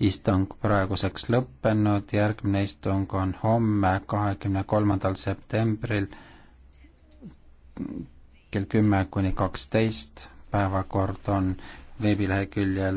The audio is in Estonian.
istung praeguseks lõppenud, järgmine istung on homme, kahekümne kolmandal septembril kell kümme kuni kaksteist, päevakord on veebileheküljel